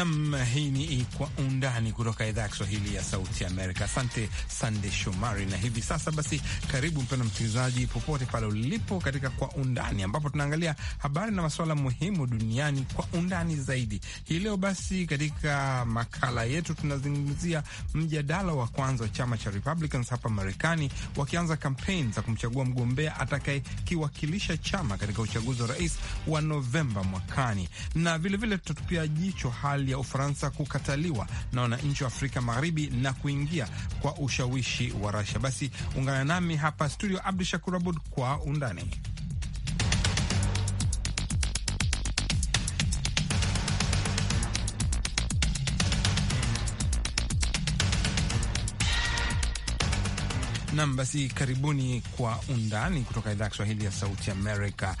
Nam, hii ni Kwa Undani kutoka idhaa ya Kiswahili ya Sauti Amerika. Asante Sande Shomari. Na hivi sasa basi, karibu mpendwa msikilizaji, popote pale ulipo, katika Kwa Undani ambapo tunaangalia habari na masuala muhimu duniani kwa undani zaidi. Hii leo basi, katika makala yetu tunazungumzia mjadala wa kwanza wa chama cha Republicans hapa Marekani, wakianza kampeni za kumchagua mgombea atakayekiwakilisha chama katika uchaguzi wa rais wa Novemba mwakani, na vilevile tutatupia jicho hali ya Ufaransa kukataliwa na wananchi wa Afrika Magharibi na kuingia kwa ushawishi wa Rasha. Basi ungana nami hapa studio, Abdu Shakur Abud, kwa undani Nam, basi karibuni kwa undani kutoka idhaa ya Kiswahili ya Sauti Amerika.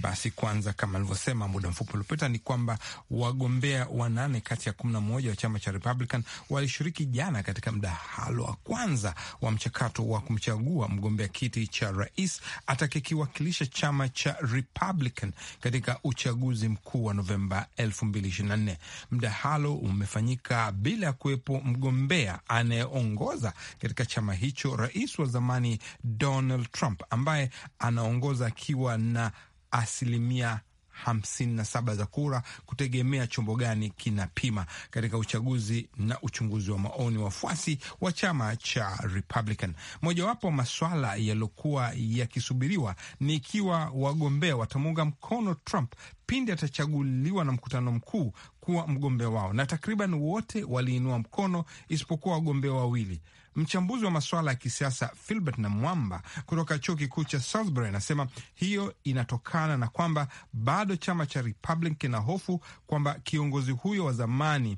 Basi kwanza, kama alivyosema muda mfupi uliopita, ni kwamba wagombea wanane kati ya kumi na moja wa chama cha Republican walishiriki jana katika mdahalo wa kwanza wa mchakato wa kumchagua mgombea kiti cha rais atakayekiwakilisha chama cha Republican katika uchaguzi mkuu wa Novemba 2024. Mdahalo umefanyika bila ya kuwepo mgombea anayeongoza katika chama hicho, rais wa zamani Donald Trump ambaye anaongoza akiwa na asilimia 57 za kura kutegemea chombo gani kinapima katika uchaguzi na uchunguzi wa maoni wafuasi wa chama cha Republican. Mojawapo maswala yaliyokuwa yakisubiriwa ni ikiwa wagombea watamuunga mkono Trump pindi atachaguliwa na mkutano mkuu kuwa mgombea wao, na takriban wote waliinua mkono isipokuwa wagombea wawili. Mchambuzi wa masuala ya kisiasa Filbert na Mwamba kutoka chuo kikuu cha Southbury anasema hiyo inatokana na kwamba bado chama cha Republican kina hofu kwamba kiongozi huyo wa zamani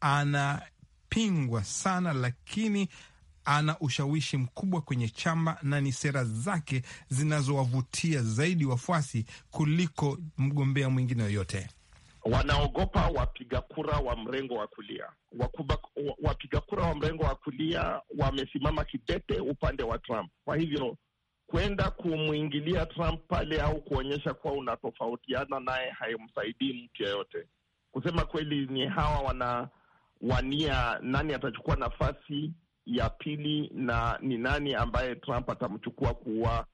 anapingwa sana, lakini ana ushawishi mkubwa kwenye chama na ni sera zake zinazowavutia zaidi wafuasi kuliko mgombea mwingine yoyote wanaogopa wapiga kura wa mrengo wa kulia. Wapiga kura wa mrengo wa kulia wamesimama kidete upande wa Trump. Kwa hivyo kwenda kumwingilia Trump pale au kuonyesha kuwa unatofautiana naye haimsaidii mtu yeyote. Kusema kweli, ni hawa wanawania nani atachukua nafasi ya pili na ni nani ambaye Trump atamchukua kuwa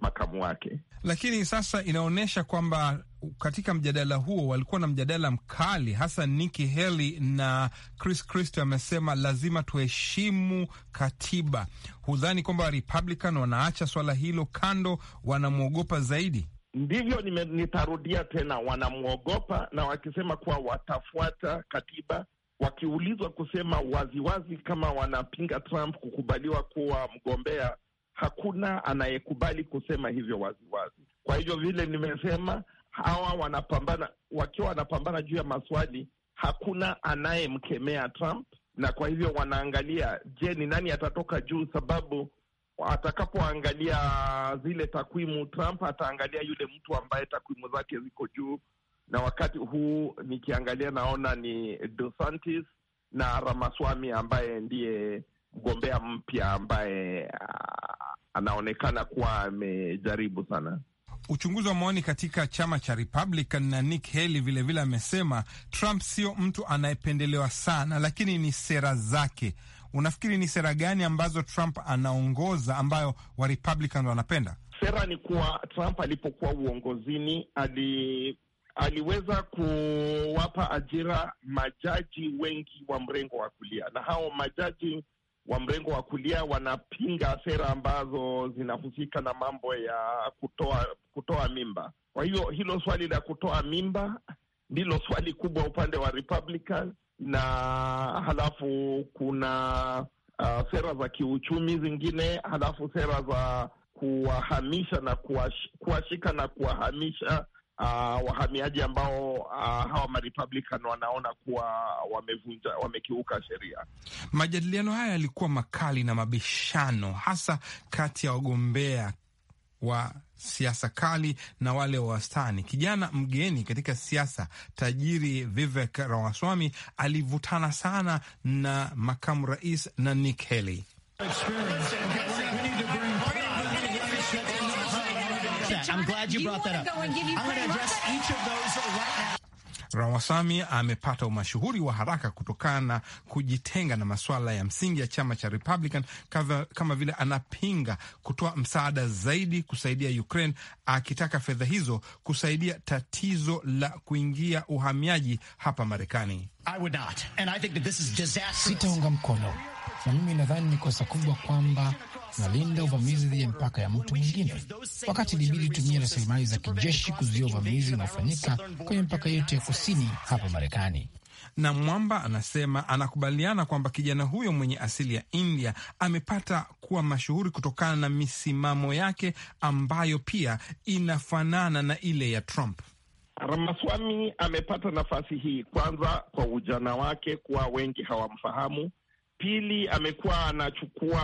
makamu wake. Lakini sasa inaonyesha kwamba katika mjadala huo walikuwa na mjadala mkali, hasa Nikki Haley na Chris Christie amesema lazima tuheshimu katiba. Hudhani kwamba Republican wanaacha swala hilo kando, wanamwogopa zaidi? Ndivyo nime, nitarudia tena, wanamwogopa na wakisema kuwa watafuata katiba wakiulizwa kusema waziwazi kama wanapinga Trump kukubaliwa kuwa mgombea hakuna anayekubali kusema hivyo waziwazi wazi. Kwa hivyo vile nimesema, hawa wanapambana wakiwa wanapambana juu ya maswali, hakuna anayemkemea Trump, na kwa hivyo wanaangalia, je, ni nani atatoka juu? Sababu atakapoangalia zile takwimu, Trump ataangalia yule mtu ambaye takwimu zake ziko juu, na wakati huu nikiangalia naona ni DeSantis na Ramaswamy ambaye ndiye mgombea mpya ambaye uh, anaonekana kuwa amejaribu sana. Uchunguzi wa maoni katika chama cha Republican na Nick Haley vilevile amesema Trump sio mtu anayependelewa sana, lakini ni sera zake. Unafikiri ni sera gani ambazo Trump anaongoza ambayo wa Republican wanapenda? Sera ni kuwa Trump alipokuwa uongozini ali, aliweza kuwapa ajira majaji wengi wa mrengo wa kulia, na hao majaji wa mrengo wa kulia wanapinga sera ambazo zinahusika na mambo ya kutoa kutoa mimba. Kwa hiyo hilo swali la kutoa mimba ndilo swali kubwa upande wa Republican, na halafu kuna uh, sera za kiuchumi zingine, halafu sera za kuwahamisha na kuwashika na kuwahamisha uh, wahamiaji ambao uh, hawa marepublican wanaona kuwa wamevunja, wamekiuka sheria. Majadiliano haya yalikuwa makali na mabishano hasa kati ya wagombea wa siasa kali na wale wa wastani. Kijana mgeni katika siasa tajiri Vivek Ramaswamy alivutana sana na makamu rais na Nick Haley much. I'm glad you brought that up. I'm going to address each of those right now. Ramaswamy amepata umashuhuri wa haraka kutokana kujitenga na masuala ya msingi ya chama cha Republican kava, kama vile anapinga kutoa msaada zaidi kusaidia Ukraine, akitaka fedha hizo kusaidia tatizo la kuingia uhamiaji hapa Marekani. Sitaunga mkono, na mimi nadhani ni kosa kubwa kwamba unalinda uvamizi dhidi ya mipaka ya mtu mwingine, wakati ilibidi tumia rasilimali za kijeshi kuzuia uvamizi unaofanyika kwenye mipaka yote ya kusini hapa Marekani. Na Mwamba anasema anakubaliana kwamba kijana huyo mwenye asili ya India amepata kuwa mashuhuri kutokana na misimamo yake ambayo pia inafanana na ile ya Trump. Ramaswami amepata nafasi hii kwanza kwa ujana wake, kuwa wengi hawamfahamu Pili, amekuwa anachukua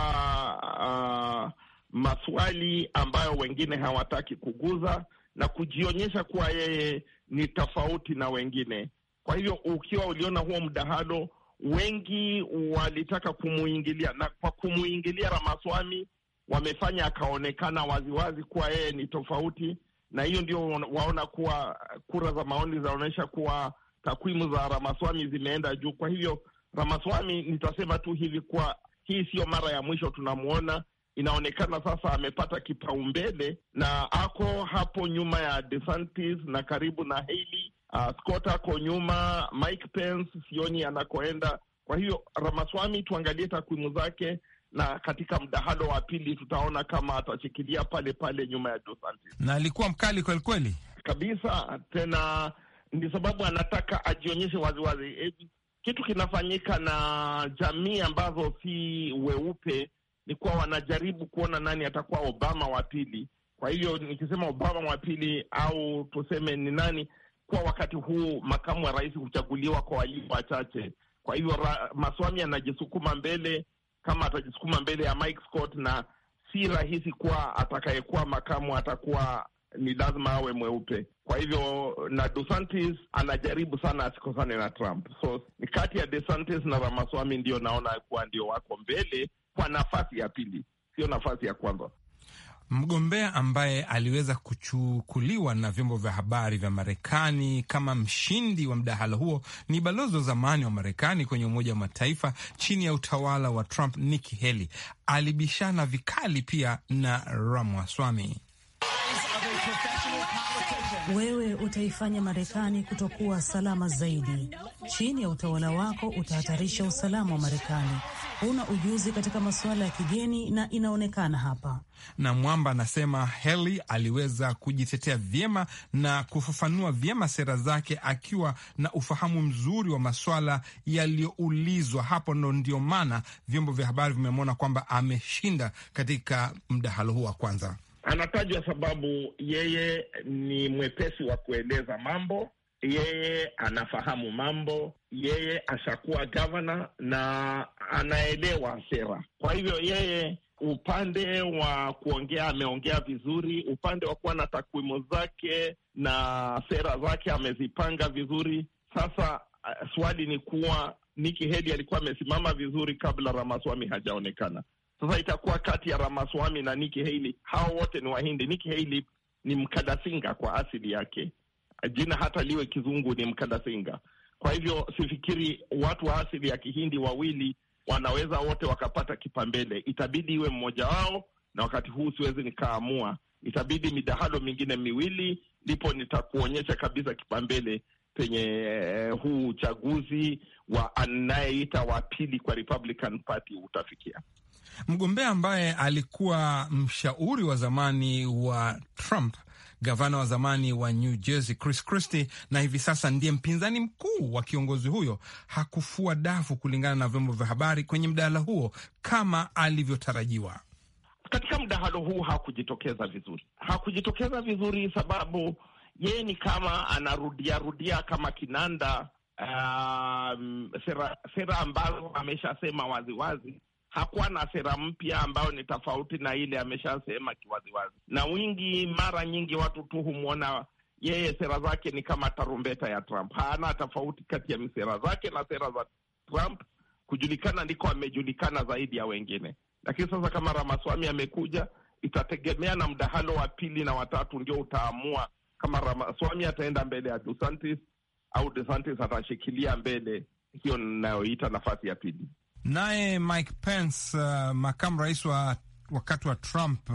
uh, maswali ambayo wengine hawataki kuguza na kujionyesha kuwa yeye ni tofauti na wengine. Kwa hivyo ukiwa uliona huo mdahalo, wengi walitaka kumuingilia, na kwa kumuingilia Ramaswami wamefanya akaonekana waziwazi kuwa yeye ni tofauti, na hiyo ndio waona kuwa kura za maoni zinaonyesha kuwa takwimu za Ramaswami zimeenda juu. Kwa hivyo Ramaswami, nitasema tu hivi kwa hii siyo mara ya mwisho tunamwona. Inaonekana sasa amepata kipaumbele na ako hapo nyuma ya DeSantis na karibu na Haley. Uh, ah, Scott ako nyuma, Mike Pence sioni anakoenda. Kwa hiyo Ramaswami, tuangalie takwimu zake na katika mdahalo wa pili tutaona kama atashikilia pale pale nyuma ya DeSantis. Na alikuwa mkali kweli kweli kabisa, tena ni sababu anataka ajionyeshe waziwazi kitu kinafanyika na jamii ambazo si weupe ni kuwa wanajaribu kuona nani atakuwa Obama wa pili. Kwa hivyo nikisema Obama wa pili au tuseme ni nani, kwa wakati huu makamu wa rais huchaguliwa kwa walio wachache. Kwa hivyo Maswami anajisukuma mbele, kama atajisukuma mbele ya Mike Scott, na si rahisi kuwa atakayekuwa makamu atakuwa ni lazima awe mweupe. Kwa hivyo na DeSantis anajaribu sana asikosane na Trump, so kati ya DeSantis na Ramaswami ndio naona kuwa ndio wako mbele kwa nafasi ya pili, sio nafasi ya kwanza. Mgombea ambaye aliweza kuchukuliwa na vyombo vya habari vya Marekani kama mshindi wa mdahalo huo ni balozi wa zamani wa Marekani kwenye Umoja wa Mataifa chini ya utawala wa Trump, Nikki Haley. Alibishana vikali pia na Ramaswamy. Wewe utaifanya Marekani kutokuwa salama zaidi. Chini ya utawala wako utahatarisha usalama wa Marekani. Huna ujuzi katika masuala ya kigeni na inaonekana hapa. Na Mwamba anasema Heli aliweza kujitetea vyema na kufafanua vyema sera zake akiwa na ufahamu mzuri wa maswala yaliyoulizwa hapo, ndo ndio maana vyombo vya habari vimemwona kwamba ameshinda katika mdahalo huu wa kwanza. Anatajwa sababu yeye ni mwepesi wa kueleza mambo, yeye anafahamu mambo, yeye ashakuwa gavana na anaelewa sera. Kwa hivyo yeye upande wa kuongea ameongea vizuri, upande wa kuwa na takwimu zake na sera zake amezipanga vizuri. Sasa eh, swali ni kuwa Nikki Haley alikuwa amesimama vizuri kabla Ramaswamy hajaonekana. Sasa itakuwa kati ya Ramaswami na Nikki Haley. Hawa wote ni Wahindi. Nikki Haley ni Mkadasinga kwa asili yake, jina hata liwe kizungu ni Mkadasinga. Kwa hivyo sifikiri watu wa asili ya Kihindi wawili wanaweza wote wakapata kipambele, itabidi iwe mmoja wao, na wakati huu siwezi nikaamua, itabidi midahalo mingine miwili, ndipo nitakuonyesha kabisa kipambele penye eh, huu uchaguzi wa anayeita wa pili kwa Republican Party utafikia mgombea ambaye alikuwa mshauri wa zamani wa Trump, gavana wa zamani wa New Jersey Chris Christie, na hivi sasa ndiye mpinzani mkuu wa kiongozi huyo, hakufua dafu kulingana na vyombo vya habari kwenye mdahalo huo kama alivyotarajiwa. Katika mdahalo huu hakujitokeza vizuri, hakujitokeza vizuri sababu yeye ni kama anarudiarudia kama kinanda um, sera, sera ambazo ameshasema waziwazi hakuwa na sera mpya ambayo ni tofauti na ile ameshasema kiwaziwazi, na wingi mara nyingi watu tu humwona yeye sera zake ni kama tarumbeta ya Trump. Hana tofauti kati ya sera zake na sera za Trump. Kujulikana ndiko amejulikana zaidi ya wengine, lakini sasa kama Ramaswami amekuja, itategemea na mdahalo wa pili na watatu ndio utaamua kama Ramaswami ataenda mbele ya DeSantis au DeSantis atashikilia mbele hiyo ninayoita nafasi ya pili. Naye Mike Pence, uh, makamu rais wa wakati wa Trump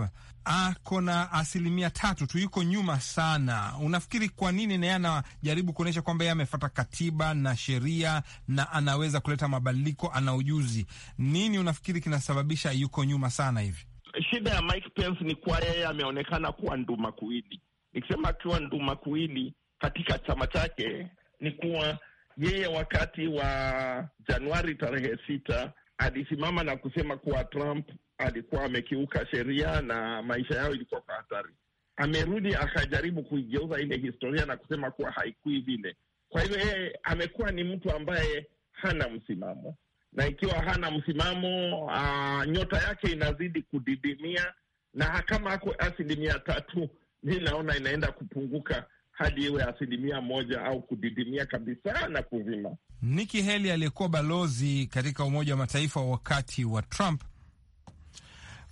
ako na asilimia tatu tu, yuko nyuma sana. Unafikiri kwa nini? Naye anajaribu kuonyesha kwamba yeye amefata katiba na sheria na anaweza kuleta mabadiliko, ana ujuzi. Nini unafikiri kinasababisha yuko nyuma sana hivi? Shida ya Mike Pence ni kuwa yeye ameonekana kuwa nduma kuwili. Nikisema akiwa nduma kuwili katika chama chake ni kuwa yeye wakati wa Januari tarehe sita alisimama na kusema kuwa Trump alikuwa amekiuka sheria na maisha yao ilikuwa kwa hatari. Amerudi akajaribu kuigeuza ile historia na kusema kuwa haikui vile. Kwa hivyo yeye amekuwa ni mtu ambaye hana msimamo, na ikiwa hana msimamo aa, ah, nyota yake inazidi kudidimia, na kama ako asilimia tatu, mi naona inaenda kupunguka hadi iwe asilimia moja au kudidimia kabisa na kuzima. Nikki Haley aliyekuwa balozi katika Umoja wa Mataifa wakati wa Trump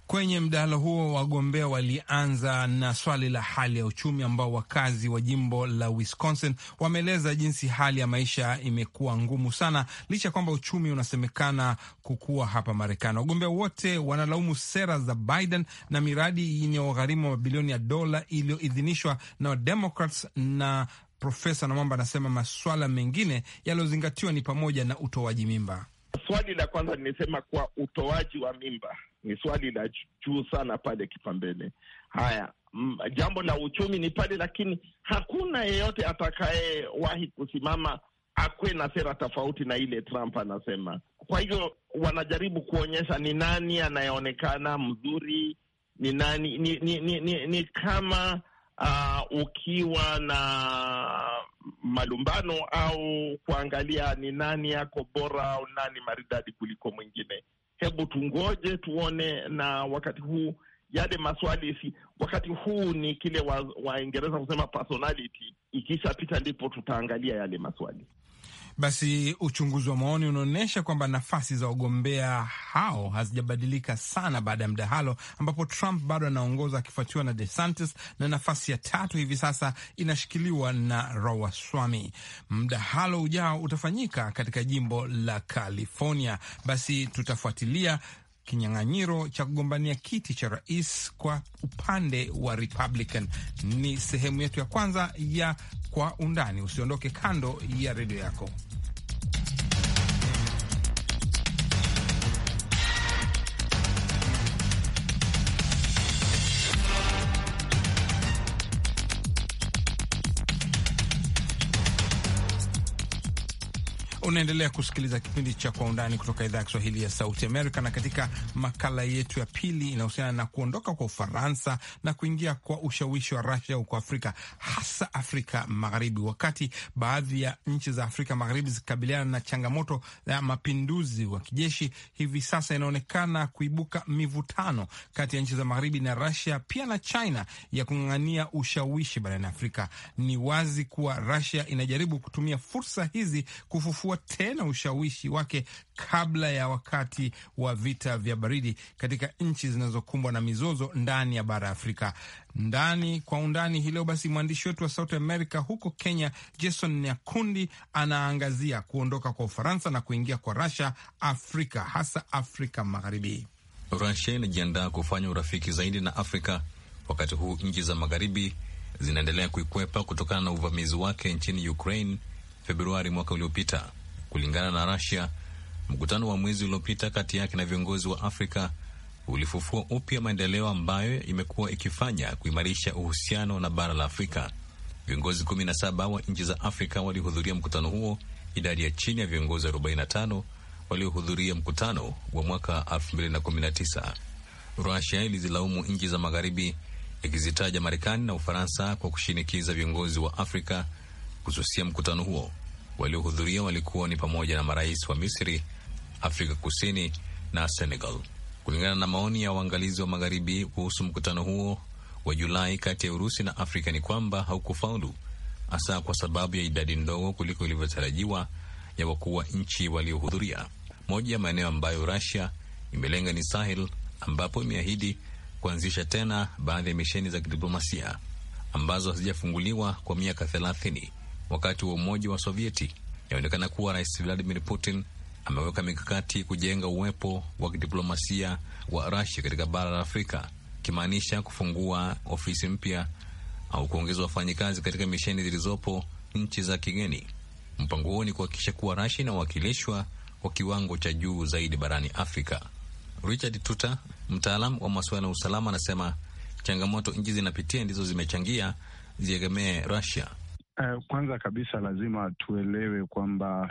Kwenye mdahalo huo wagombea walianza na swali la hali ya uchumi, ambao wakazi wa jimbo la Wisconsin wameeleza jinsi hali ya maisha imekuwa ngumu sana, licha ya kwamba uchumi unasemekana kukua hapa Marekani. Wagombea wote wanalaumu sera za Biden na miradi yenye ugharimu wa mabilioni ya dola iliyoidhinishwa na Wademokrats na Profesa Namwamba anasema masuala mengine yaliyozingatiwa ni pamoja na utoaji mimba. Swali la kwanza nimesema kuwa utoaji wa mimba ni swali la juu sana pale kipambele. Haya, jambo la uchumi ni pale, lakini hakuna yeyote atakayewahi kusimama akwe na sera tofauti na ile Trump anasema. Kwa hivyo wanajaribu kuonyesha ni nani anayeonekana mzuri, ni nani ni, ni, ni, ni, ni kama uh, ukiwa na malumbano au kuangalia ni nani yako bora au nani maridadi kuliko mwingine. Hebu tungoje tuone, na wakati huu yale maswali si, wakati huu ni kile Waingereza wa kusema personality, ikishapita ndipo tutaangalia yale maswali. Basi uchunguzi wa maoni unaonyesha kwamba nafasi za wagombea hao hazijabadilika sana baada ya mdahalo, ambapo Trump bado anaongoza akifuatiwa na DeSantis na nafasi ya tatu hivi sasa inashikiliwa na Rawaswami. Mdahalo ujao utafanyika katika jimbo la California. Basi tutafuatilia kinyang'anyiro cha kugombania kiti cha rais kwa upande wa Republican. Ni sehemu yetu ya kwanza ya Kwa Undani. Usiondoke kando ya redio yako. Unaendelea kusikiliza kipindi cha Kwa Undani kutoka idhaa ya Kiswahili ya Sauti Amerika, na katika makala yetu ya pili inahusiana na kuondoka kwa Ufaransa na kuingia kwa ushawishi wa Rasia huko Afrika, hasa Afrika Magharibi. Wakati baadhi ya nchi za Afrika Magharibi zikikabiliana na changamoto ya mapinduzi wa kijeshi, hivi sasa inaonekana kuibuka mivutano kati ya nchi za Magharibi na Rasia pia na China ya kung'ang'ania ushawishi barani Afrika. Ni wazi kuwa Rasia inajaribu kutumia fursa hizi kufufua tena ushawishi wake kabla ya wakati wa vita vya baridi katika nchi zinazokumbwa na mizozo ndani ya bara ya Afrika. Ndani kwa undani hii leo, basi mwandishi wetu wa Sauti america huko Kenya, Jason Nyakundi, anaangazia kuondoka kwa Ufaransa na kuingia kwa Rasha Afrika, hasa Afrika Magharibi. Rasia inajiandaa kufanya urafiki zaidi na Afrika wakati huu nchi za magharibi zinaendelea kuikwepa kutokana na uvamizi wake nchini Ukraine Februari mwaka uliopita. Kulingana na Russia, mkutano wa mwezi uliopita kati yake na viongozi wa Afrika ulifufua upya maendeleo ambayo imekuwa ikifanya kuimarisha uhusiano na bara la Afrika. Viongozi 17 wa nchi za Afrika walihudhuria mkutano huo, idadi ya chini ya viongozi 45 waliohudhuria mkutano wa mwaka 2019. Rusia ilizilaumu nchi za Magharibi, ikizitaja Marekani na Ufaransa kwa kushinikiza viongozi wa Afrika kususia mkutano huo. Waliohudhuria walikuwa ni pamoja na marais wa Misri, Afrika Kusini na Senegal. Kulingana na maoni ya waangalizi wa magharibi kuhusu mkutano huo wa Julai kati ya Urusi na Afrika ni kwamba haukufaulu, hasa kwa sababu ya idadi ndogo kuliko ilivyotarajiwa ya wakuu wa nchi waliohudhuria. Moja ya maeneo ambayo rasia imelenga ni Sahel, ambapo imeahidi kuanzisha tena baadhi ya misheni za kidiplomasia ambazo hazijafunguliwa kwa miaka thelathini wakati wa Umoja wa Sovieti, inaonekana kuwa Rais Vladimir Putin ameweka mikakati kujenga uwepo wa kidiplomasia wa Rasia katika bara la Afrika, ikimaanisha kufungua ofisi mpya au kuongeza wafanyikazi katika misheni zilizopo nchi za kigeni. Mpango huo ni kuhakikisha kuwa rasha inawakilishwa kwa kiwango cha juu zaidi barani Afrika. Richard Tuta, mtaalam wa masuala ya usalama, anasema changamoto nchi zinapitia ndizo zimechangia ziegemee rasia Uh, kwanza kabisa lazima tuelewe kwamba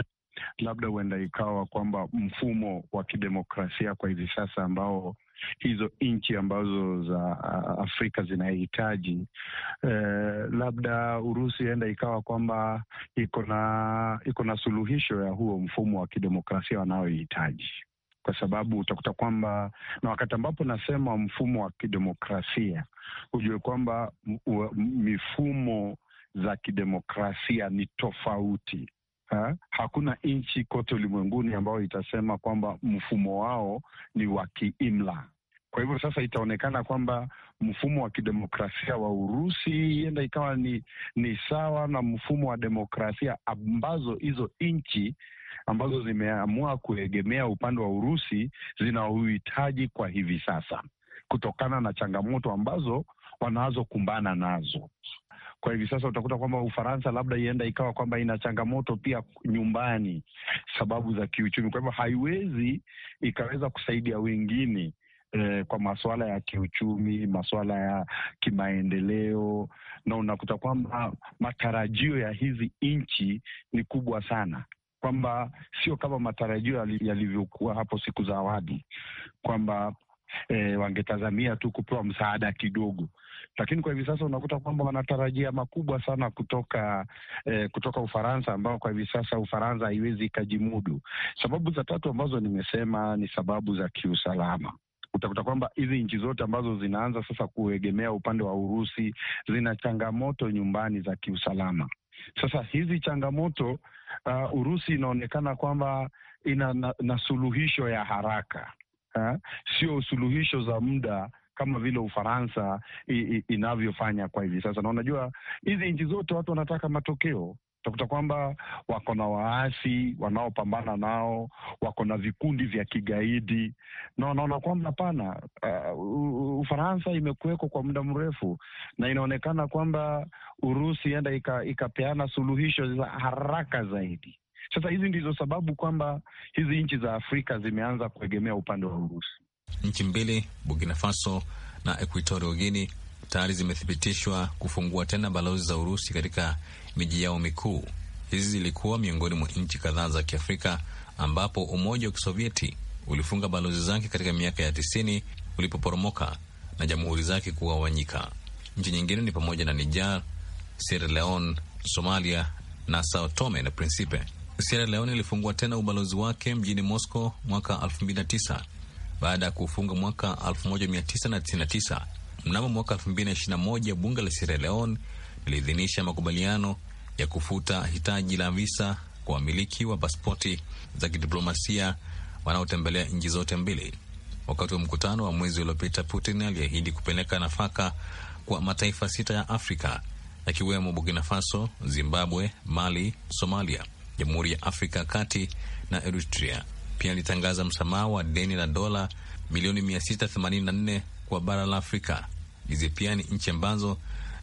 labda huenda ikawa kwamba mfumo wa kidemokrasia kwa hivi sasa ambao hizo nchi ambazo za ah, Afrika zinahitaji eh, labda Urusi enda ikawa kwamba iko na iko na suluhisho ya huo mfumo wa kidemokrasia wanaohitaji, kwa sababu utakuta kwamba, na wakati ambapo nasema mfumo wa kidemokrasia, hujue kwamba mifumo za kidemokrasia ni tofauti ha? Hakuna nchi kote ulimwenguni ambayo itasema kwamba mfumo wao ni wa kiimla. Kwa hivyo sasa itaonekana kwamba mfumo wa kidemokrasia wa Urusi ienda ikawa ni, ni sawa na mfumo wa demokrasia ambazo hizo nchi ambazo zimeamua kuegemea upande wa Urusi zinauhitaji kwa hivi sasa, kutokana na changamoto ambazo wanazokumbana nazo. Kwa hivi sasa utakuta kwamba Ufaransa labda ienda ikawa kwamba ina changamoto pia nyumbani, sababu za kiuchumi. Kwa hivyo haiwezi ikaweza kusaidia wengine eh, kwa masuala ya kiuchumi, masuala ya kimaendeleo, na unakuta kwamba matarajio ya hizi nchi ni kubwa sana kwamba sio kama matarajio yalivyokuwa hapo siku za awali kwamba e, wangetazamia tu kupewa msaada kidogo, lakini kwa hivi sasa unakuta kwamba wanatarajia makubwa sana kutoka e, kutoka Ufaransa, ambao kwa hivi sasa Ufaransa haiwezi ikajimudu. Sababu za tatu ambazo nimesema ni sababu za kiusalama utakuta kwamba hizi nchi zote ambazo zinaanza sasa kuegemea upande wa Urusi zina changamoto nyumbani za kiusalama. Sasa hizi changamoto uh, Urusi inaonekana kwamba ina na, na suluhisho ya haraka eh, sio suluhisho za muda kama vile Ufaransa inavyofanya kwa hivi sasa. Na unajua hizi nchi zote watu wanataka matokeo utakuta kwamba wako na waasi wanaopambana nao, wako na vikundi vya kigaidi na wanaona kwamba hapana, uh, Ufaransa imekuwekwa kwa muda mrefu na inaonekana kwamba Urusi enda ikapeana ika suluhisho za haraka zaidi. Sasa hizi ndizo sababu kwamba hizi nchi za Afrika zimeanza kuegemea upande wa Urusi. Nchi mbili Burkina Faso na Equatorial Guinea tayari zimethibitishwa kufungua tena balozi za Urusi katika miji yao mikuu. Hizi zilikuwa miongoni mwa nchi kadhaa za Kiafrika ambapo Umoja wa Kisovieti ulifunga balozi zake katika miaka ya tisini ulipoporomoka na jamhuri zake kugawanyika. Nchi nyingine ni pamoja na Niger, Sierra Leone, Somalia na Sao Tome na Principe. Sierra Leone ilifungua tena ubalozi wake mjini Moscow mwaka 2009 baada ya kuufunga mwaka 1999. Mnamo mwaka 2021 bunge la Sierra Leone liliidhinisha makubaliano ya kufuta hitaji la visa kwa wamiliki wa pasipoti za kidiplomasia wanaotembelea nchi zote mbili. Wakati wa mkutano wa mwezi uliopita, Putin aliahidi kupeleka nafaka kwa mataifa sita ya Afrika yakiwemo Burkina Faso, Zimbabwe, Mali, Somalia, Jamhuri ya Afrika ya Kati na Eritrea. Pia alitangaza msamaha wa deni la dola milioni 684 kwa bara la Afrika. Hizi pia ni nchi ambazo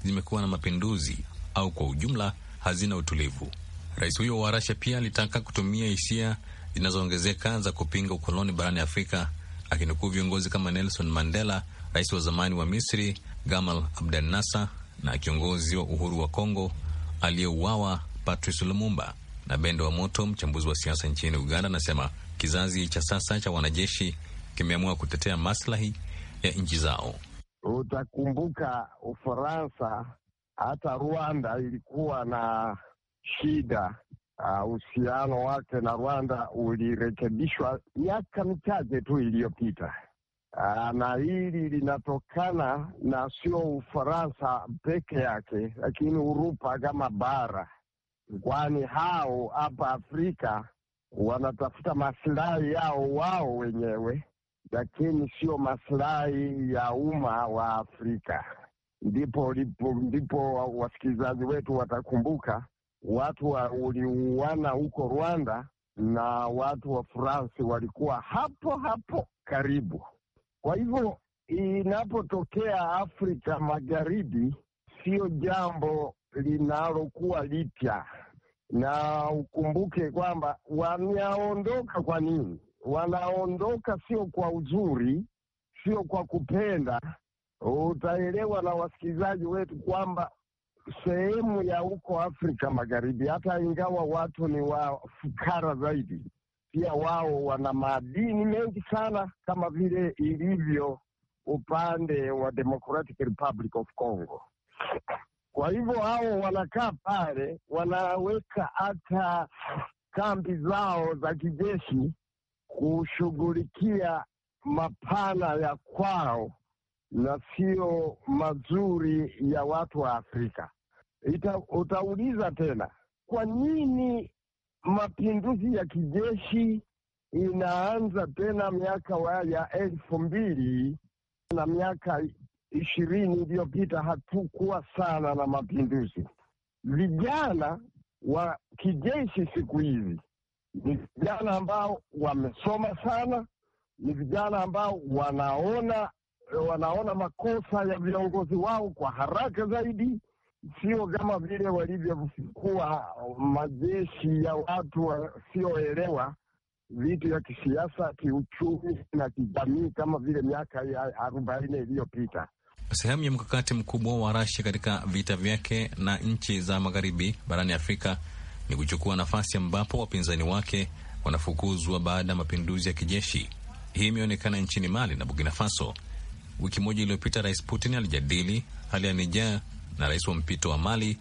zimekuwa na mapinduzi au kwa ujumla hazina utulivu. Rais huyo wa Rasia pia alitaka kutumia hisia zinazoongezeka za kupinga ukoloni barani Afrika, akinukuu viongozi kama Nelson Mandela, rais wa zamani wa Misri Gamal Abdel Nasser na kiongozi wa uhuru wa Kongo aliyeuawa Patrice Lumumba na Bendo wa Moto, mchambuzi wa siasa nchini Uganda, anasema kizazi cha sasa cha wanajeshi kimeamua kutetea maslahi ya nchi zao. Utakumbuka Ufaransa hata Rwanda ilikuwa na shida uh, uhusiano wake na Rwanda ulirekebishwa miaka michache tu iliyopita, uh, na hili linatokana na sio Ufaransa peke yake, lakini Urupa kama bara kwani hao hapa Afrika wanatafuta masilahi yao wao wenyewe, lakini sio masilahi ya umma wa Afrika. Ndipo ndipo, ndipo wasikilizaji wetu watakumbuka watu waliuana huko Rwanda na watu wa France walikuwa hapo hapo karibu. Kwa hivyo inapotokea Afrika Magharibi, sio jambo linalokuwa lipya, na ukumbuke kwamba wanaondoka kwa nini? Wanaondoka sio kwa uzuri, sio kwa kupenda. Utaelewa na wasikilizaji wetu kwamba sehemu ya huko Afrika Magharibi, hata ingawa watu ni wafukara zaidi, pia wao wana madini mengi sana, kama vile ilivyo upande wa Democratic Republic of Congo. Kwa hivyo hao wanakaa pale, wanaweka hata kambi zao za kijeshi kushughulikia mapana ya kwao na sio mazuri ya watu wa Afrika. Ita, utauliza tena kwa nini mapinduzi ya kijeshi inaanza tena miaka ya elfu mbili na miaka ishirini iliyopita hatukuwa sana na mapinduzi. Vijana wa kijeshi siku hizi ni vijana ambao wamesoma sana, ni vijana ambao wanaona wanaona makosa ya viongozi wao kwa haraka zaidi, sio kama vile walivyokuwa majeshi ya watu wasioelewa vitu ya kisiasa, kiuchumi na kijamii kama vile miaka ya arobaini iliyopita sehemu ya mkakati mkubwa wa Rasia katika vita vyake na nchi za magharibi barani Afrika ni kuchukua nafasi ambapo wapinzani wake wanafukuzwa baada ya mapinduzi ya kijeshi. Hii imeonekana nchini Mali na Burkina Faso. Wiki moja iliyopita, Rais Putin alijadili hali ya Nija na rais wa mpito wa Mali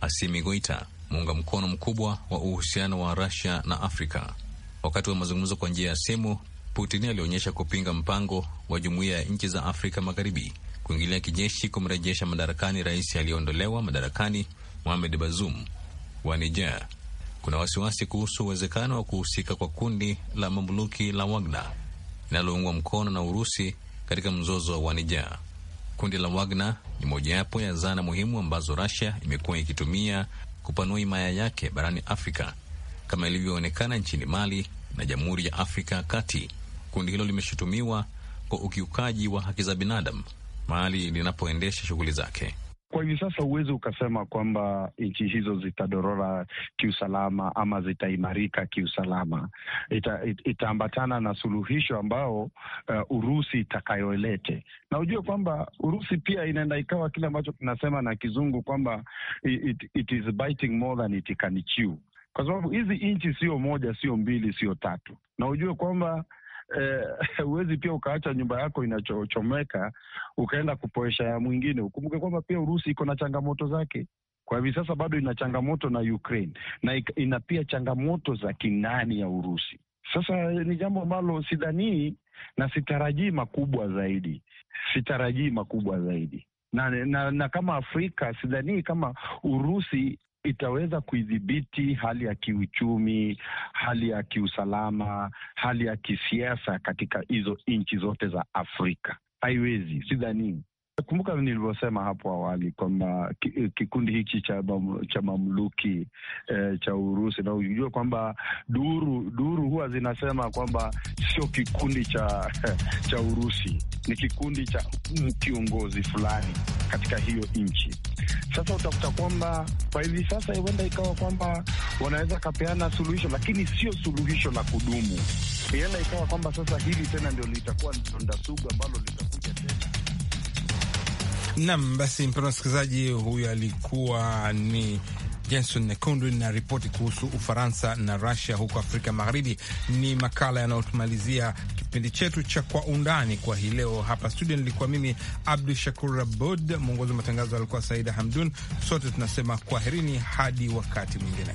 Asimi Goita, muunga mkono mkubwa wa uhusiano wa rasia na Afrika. Wakati wa mazungumzo kwa njia ya simu, Putin alionyesha kupinga mpango wa jumuiya ya nchi za Afrika Magharibi kuingilia kijeshi kumrejesha madarakani rais aliyeondolewa madarakani Mohamed Bazoum wa Niger. Kuna wasiwasi kuhusu uwezekano wa kuhusika kwa kundi la mamluki la Wagner linaloungwa mkono na Urusi katika mzozo wa Niger. Kundi la Wagner ni mojawapo ya zana muhimu ambazo Russia imekuwa ikitumia kupanua himaya yake barani Afrika, kama ilivyoonekana nchini Mali na Jamhuri ya Afrika Kati. Kundi hilo limeshutumiwa kwa ukiukaji wa haki za binadamu mahali linapoendesha shughuli zake. Kwa hivi sasa huwezi ukasema kwamba nchi hizo zitadorora kiusalama ama zitaimarika kiusalama. Ita, it, itaambatana na suluhisho ambao uh, Urusi itakayolete, na ujue kwamba Urusi pia inaenda ikawa kile ambacho kinasema na kizungu kwamba it, it is biting more than it can chew, kwa sababu hizi nchi sio moja, sio mbili, sio tatu, na ujue kwamba Eh, huwezi eh, pia ukaacha nyumba yako inachochomeka ukaenda kupoesha ya mwingine. Ukumbuke kwamba pia Urusi iko na changamoto zake kwa hivi sasa, bado ina changamoto na Ukraine na ina pia changamoto za kindani ya Urusi. Sasa ni jambo ambalo sidhanii na sitarajii makubwa zaidi, sitarajii makubwa zaidi na, na, na kama Afrika sidhanii kama Urusi itaweza kuidhibiti hali ya kiuchumi, hali ya kiusalama, hali ya kisiasa katika hizo nchi zote za Afrika. Haiwezi, sidhani. Kumbuka nilivyosema hapo awali kwamba eh, kikundi hiki cha, mam, cha mamluki eh, cha Urusi, na ujue kwamba duru duru huwa zinasema kwamba sio kikundi cha, cha Urusi, ni kikundi cha kiongozi fulani katika hiyo nchi. Sasa utakuta kwamba kwa hivi sasa huenda ikawa kwamba wanaweza kapeana suluhisho, lakini sio suluhisho la kudumu. Huenda ikawa kwamba sasa hili tena ndio litakuwa donda sugu ambalo litakuja tena. nam basi mpendwa msikilizaji, huyu alikuwa ni Jenson Nekundu ripoti kuhusu Ufaransa na rasia huko Afrika Magharibi. Ni makala yanayotumalizia kipindi chetu cha Kwa Undani kwa hii leo. Hapa studio nilikuwa mimi Abdu Shakur Abud, mwongozi wa matangazo alikuwa Saida Hamdun. Sote tunasema kwaherini hadi wakati mwingine.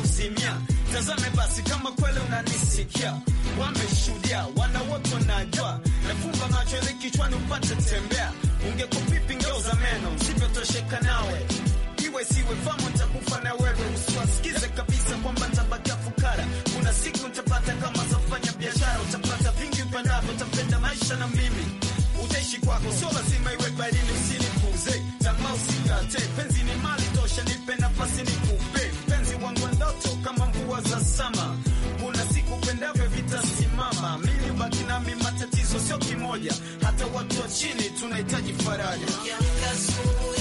kuzimia. Tazame basi kama kweli unanisikia, wameshuhudia, wana wote najua, Nafumba macho ili kichwani upate tembea, ungekuvipi ngeo za meno usivyotosheka nawe iwe siwe famo ntakufa na wewe, usiwasikize kabisa kwamba ntabakia fukara. Kuna siku ntapata kama zafanya biashara, utapata vingi upendavyo, utapenda maisha na mimi utaishi kwako, sio lazima iwe barini. Usinipuuze tamaa, usikate penzi, ni mali tosha, nipe nafasi nikupe wangu ndoto kama mvua za sama, kuna siku pendavyo vitasimama, mimi baki nami, matatizo sio kimoja, hata watu wa chini tunahitaji faraja.